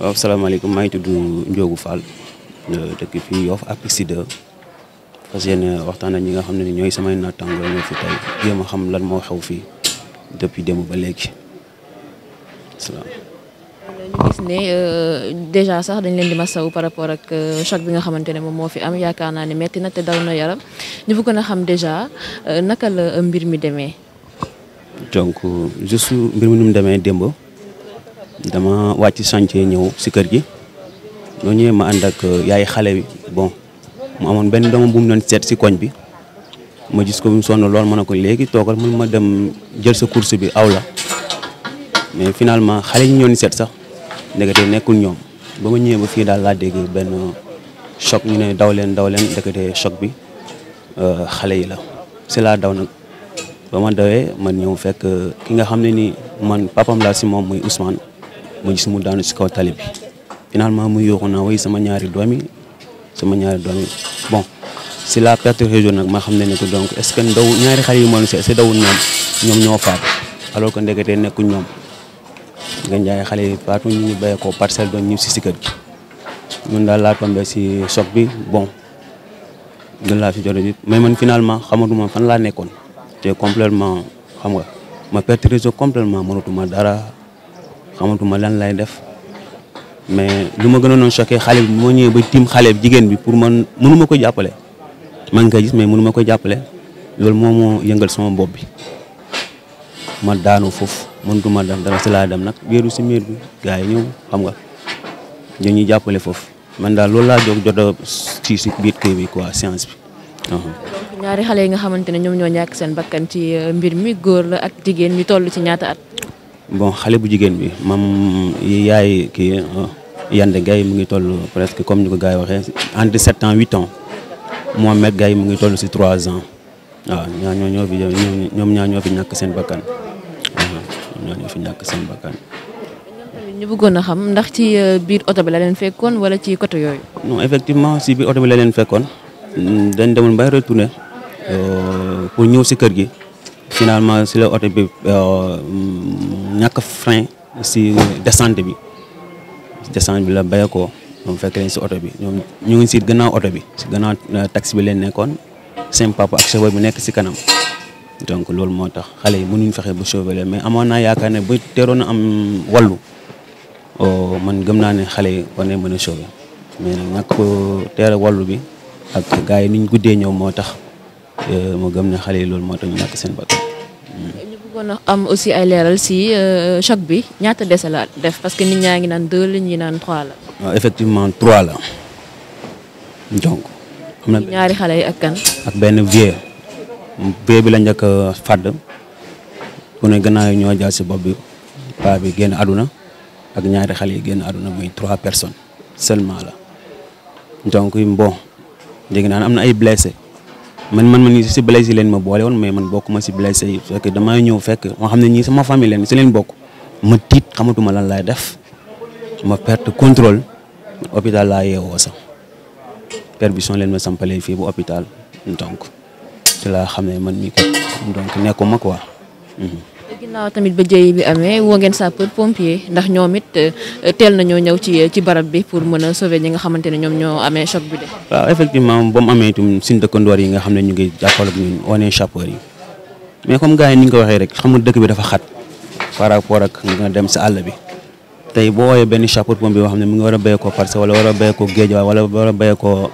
waaw salaamaaleykum maa ngi tudd Ndiogou Fall dëkk fii Yoff ak Apixide fas yéene waxtaan ak ñi nga xam ne ñooy samay naataangoo ñoo fi tey xam lan moo xew fii depuis démb ba léegi salaam. ñu euh, déjà sax dañ leen di masawu par rapport ak euh, choc bi nga xamante ne moom moo fi am yaakaar naa ne metti na te daw na yaram ñu ko a xam déjà euh, naka la mbir mi demee. donc juste mbir mi nu mu demee démb. dama wàcc chantier ñëw si kër gi ñoo ñëwee ma ànd ak euh, yaay xale bi bon mu amoon benn doomam bu mu doon seet si koñ bi ma gis ko son mu lool ma ne ko léegi toogal mën ma dem jël sa course bi aw la mais finalement xale ñi ñoon seet sax ndekete nekkul ñoom ba ma ñëwee ba fii daal laa dégg benn choc ñu ne daw leen daw leen ndekete choc bi euh, xale yi la si laa daw nag ba ma dawee man ñëw fekk euh, ki nga xam ne ni man papam laa si moom muy Ousmane ma gis mu daanu si kaw tali bi finalement mu yooxu naa way sama ñaari doom sama ñaari doom bon si la perte région nag ma xam ne ne que donc est ce que ndaw ñaari xale ñoom ñoo faatu alors que ndeketee nekku ñoom nga njaay xale yi faatu ñu ngi béy ko parcelle doon ñëw si si kër gi ñun daal laa tombé si choc bi bon loolu laa fi jot bi mais man finalement xamatuma fan laa nekkoon te complètement xam nga ma perte réseau complètement mënatuma dara. xamatuma lan lay def mais lu ma gën a noon choqué xale bi moo ñëwee ba tiim xale bi jigéen bi pour man mënuma ko jàppale maa ngi koy gis mais mënuma ko jàppale loolu moo yëngal sama bopp bi ma daanu foofu mënutuma def dara si laa dem nag wéeru si miir bi gars ñëw xam nga ñu ñuy jàppale foofu man daal loolu laa jóg jot a si biir kër bi quoi science bi. Uh-huh. ñaari xale yi nga xamante ne ñoom ñoo ñàkk seen bakkan ci euh, mbir mi góor la ak jigéen ñu toll ci ñaata at. bon xale bu jigéen bi mam yaay kii euh, Yandé Gaye mu ngi toll presque comme ni ko gars yi waxee entre sept ans huit ans Mohamed Gaye mu ngi toll si trois ans waaw ñaa ñoo ñoo fi ñoom ñaa ñoo fi ñàkk seen bakkan waaw ñoo ñoo fi ñàkk seen bakkan. ñu bëggoon a xam ndax ci euh, biir oto bi la leen fekkoon wala ci côté yooyu. non effectivement si biir oto bi la leen fekkoon dañ demoon bay retourné euh, pour ñëw si kër gi finalement si la oto bi. ñàkk frein si descente bi descente bi la béye ko ñoom fekk leen si oto bi ñoom ñu ngi si gannaaw oto bi si gannaaw euh, taxi bi leen nekkoon seen papa ak chauffeur bi nekk si kanam donc loolu moo tax xale yi mënuñ fexe bu sauver leen mais amoon naa yaakaar ne bu teeroon a am wàllu oh, man gëm naa ne xale yi war nañ mën a sauver mais nag ñàkk teel a wàllu bi ak gars yi niñ guddee ñëw moo tax euh, ma gëm ne xale yi loolu moo tax ñu ñàkk seen bakkan a am aussi ay leeral si euh, choc bi ñaata dese la def parce que nit ñaa ngi naan deux la ñi naan trois la. waaw effectivement trois la donc. am na ñaari xale yi ak kan. ak benn vieux. vieux bi la njëkk a fàdd ku ne gannaaw yi ñoo jaar si bopp bi paa bi génn àdduna ak ñaari xale yi génn àdduna muy trois personnes seulement la donc bon léegi naan am na ay blessé man man man si blessé leen ma boole woon mais man bokk ma si blessé yi fekk damaa ñëw fekk ma xam ne ñii sama famille leen si leen bokk ma tiit xamatuma lan laay def ma perte contrôle hôpital laa yeewoo sax permission leen ma sampalee fii ba hôpital donc ci laa xam ne man mii ko donc nekkuma quoi. Mhm. ginnaaw tamit ba jëy bi amee woo ngeen sapeur pompier ndax ñoom it euh, teel nañoo ñëw ci euh, ci barab bi pour mën a sauver ñi nga xamante ne ñoom ñoo amee choc bi de. waaw effectivement ba mu amee itam suñu yi nga xam ne ñu ngi jàppale ñun wane sapeur mais comme gars yi ni ñu ko waxee rek xam nga dëkk bi dafa xat par rapport ak nga dem sa àll bi tey boo woowee benn sapeur pompier boo xam ne mu ngi war a béy ko parce wala war a béy ko géej wala war a béy ko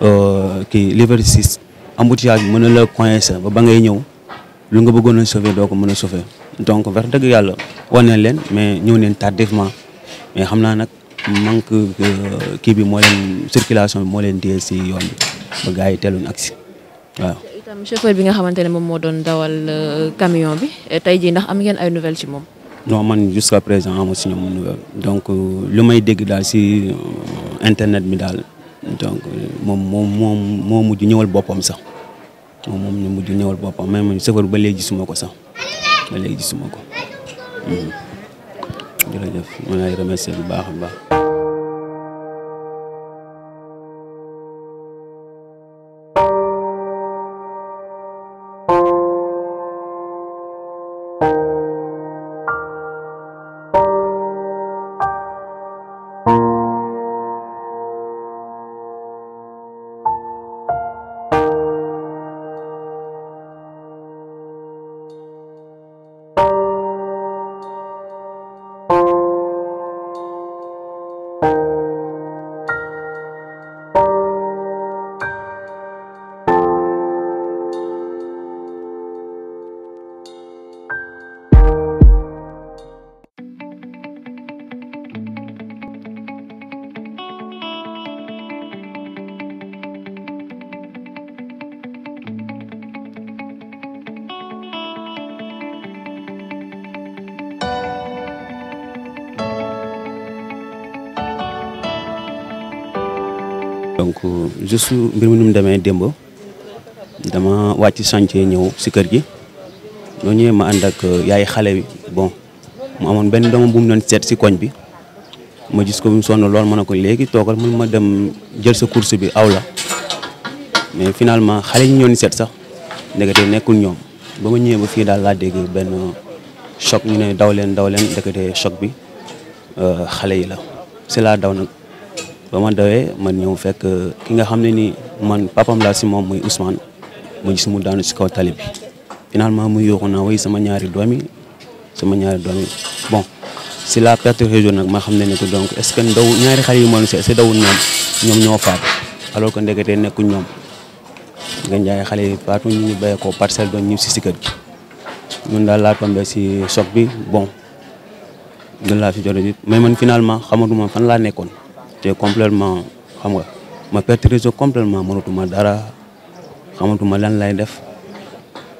euh, kii Liberté 6 embouteillage bi mën na la coincé ba ba ngay ñëw lu nga a sauver doo mën a donc wax dëgg yàlla wan nañ leen mais ñëw neen tardivement mais xam naa nag manque euh, kii bi moo leen circulation bi moo leen téye si yoon bi ba gars yi teeluñ agsi waaw. itam bi nga xamante ne moom moo doon dawal euh, camion bi tey jii ndax am ngeen ay nouvelles si moom. non man jusqu'à présent amoo si ñoom nouvelle donc euh, lu may dégg daal si internet bi daal donc moom moom moom moo mujj ñëwal boppam sax moom moom ñu mujj ñëwal boppam même chauffeur ba léegi gisuma ko sax. ba léegi gisuma ko hmm. jërëjëf ma lay remercier bu baax donc juste mbir mi nu mu demee démb dama wàcc chantier ñëw si kër gi ñoo ñëwee ma ànd ak euh, yaay xale bi bon mu amoon benn doomam bu mu doon seet si koñ bi ma gis ko son sonn lool ma ne ko léegi toogal mën ma dem jël sa course bi aw la mais finalement xale ñi ñoon seet sax ndekete nekkul ñoom ba ma ñëwee ba fii daal laa dégg benn choc ñu ne daw leen daw leen ndekete choc bi euh, xale yi la si laa daw nag ba ma dawee man ñëw fekk ki nga xam ne ni man papam laa si moom muy Ousmane ma gis mu daanu si kaw tali bi finalement muy yooxu naa way sama ñaari doom yi sama ñaari doom bon si la perte réseau nag ma xam ne ne ko donc est ce que ndaw ñaari xale yu moon si est ce ñoom ñoo faatu alors que ndeketee nekku ñoom nga njaay xale yi faatu ñu ñu béye ko parcelle doon ñib si si kër gi ñun daal laa tombé si choc bi bon loolu laa fi jot mais man finalement xamatuma fan laa nekkoon j'étais complètement xam nga ma perte réseau complètement mënatuma dara xamatuma lan lay def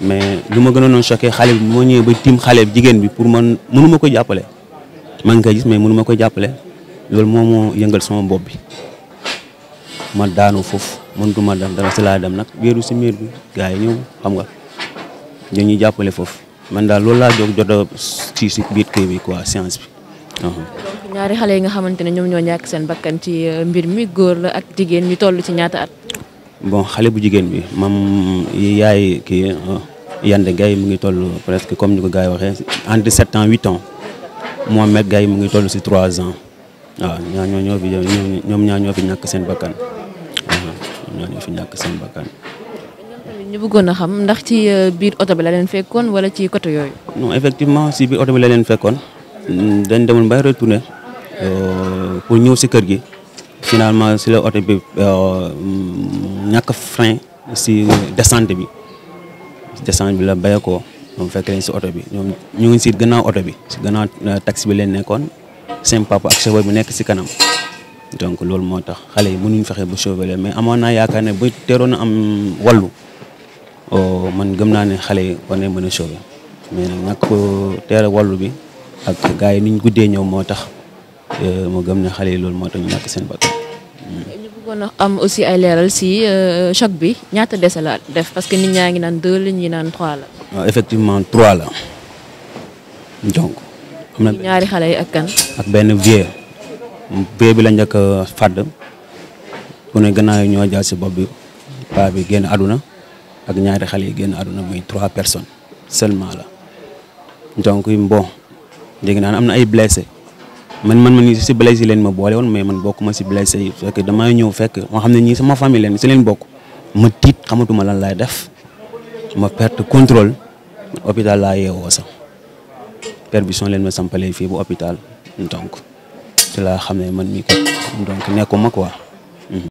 mais lu ma gën gënoon choqué xale bi moo ñëwee ba tiim xale bi jigéen bi pour man mënuma ko jàppale maa ngi koy gis mais mënuma ko jàppale loolu moo yëngal sama bopp bi ma daanu foofu mënatuma def dara si laa dem nag wéeru si miir bi gars yi ñëw xam nga dañuy jàppale foofu man daal loolu laa jóg jot a ci si biir kii bi quoi science bi ñaari xale yi nga xamante ne ñoom ñoo ñàkk seen bakkan ci euh, mbir mi góor la ak jigéen ñu toll ci ñaata at. bon xale bu jigéen bi mam yaay kii euh, Yande Gaye mu ngi toll presque comme ni ko waxee entre sept ans huit ans Mohamed Gaye mu ngi toll si trois ans waaw ñaa ñoo ñoo ñoo fi ñàkk seen bakkan ñoom ñaa ñoo fi ñàkk seen bakkan. ñu bëggoon a xam ndax ci euh, biir oto bi la leen fekkoon wala ci côté yooyu. non effectivement si biir oto bi la leen fekkoon. Mm, dañ demoon bay retourné Euh, pour ñëw si kër gi finalement si la oto bi euh, ñàkk frein si descente bi descente bi la béye ko ñoom fekk leen si oto bi ñoom ñu ngi si gannaaw oto bi si gannaaw euh, taxi bi leen nekkoon seen papa ak chauffeur bi nekk si kanam donc loolu moo tax xale yi mënuñ fexe bu sauver leen mais amoon naa yaakaar ne bu teeroon a am wàllu oh, man gëm naa ne xale yi war nañ mën mais nag ñàkk teel a bi ak gars yi niñ guddee ñëw moo tax Euh, ma gëm ne xale yi loolu moo tax ñu ñàkk seen bakkan. ñu bëggoon a am aussi ay leeral si euh, choc bi ñaata dese la def parce que nit ñaa ngi naan deux la ñi naan trois la. waaw ah, effectivement trois la donc. am na ñaari xale yi ak kan. ak benn vieux. vieux bi la njëkk a fàdd ku ne gannaaw yi ñoo jaar si bopp bi paa bi génn àdduna ak ñaari xale yi génn àdduna muy trois personnes seulement la donc bon léegi naan am na ay blessé man man man si Blaise yi leen ma boole woon mais man ma si Blaise yi fekk damaa ñëw fekk moo xam ne ñii sama famille leen si leen bokk ma tiit xamatuma lan laay def ma perte contrôle man hôpital laa yeewoo sax permission leen ma sampalee fii ba hôpital donc ci laa xam ne man mii kat donc nekkuma quoi.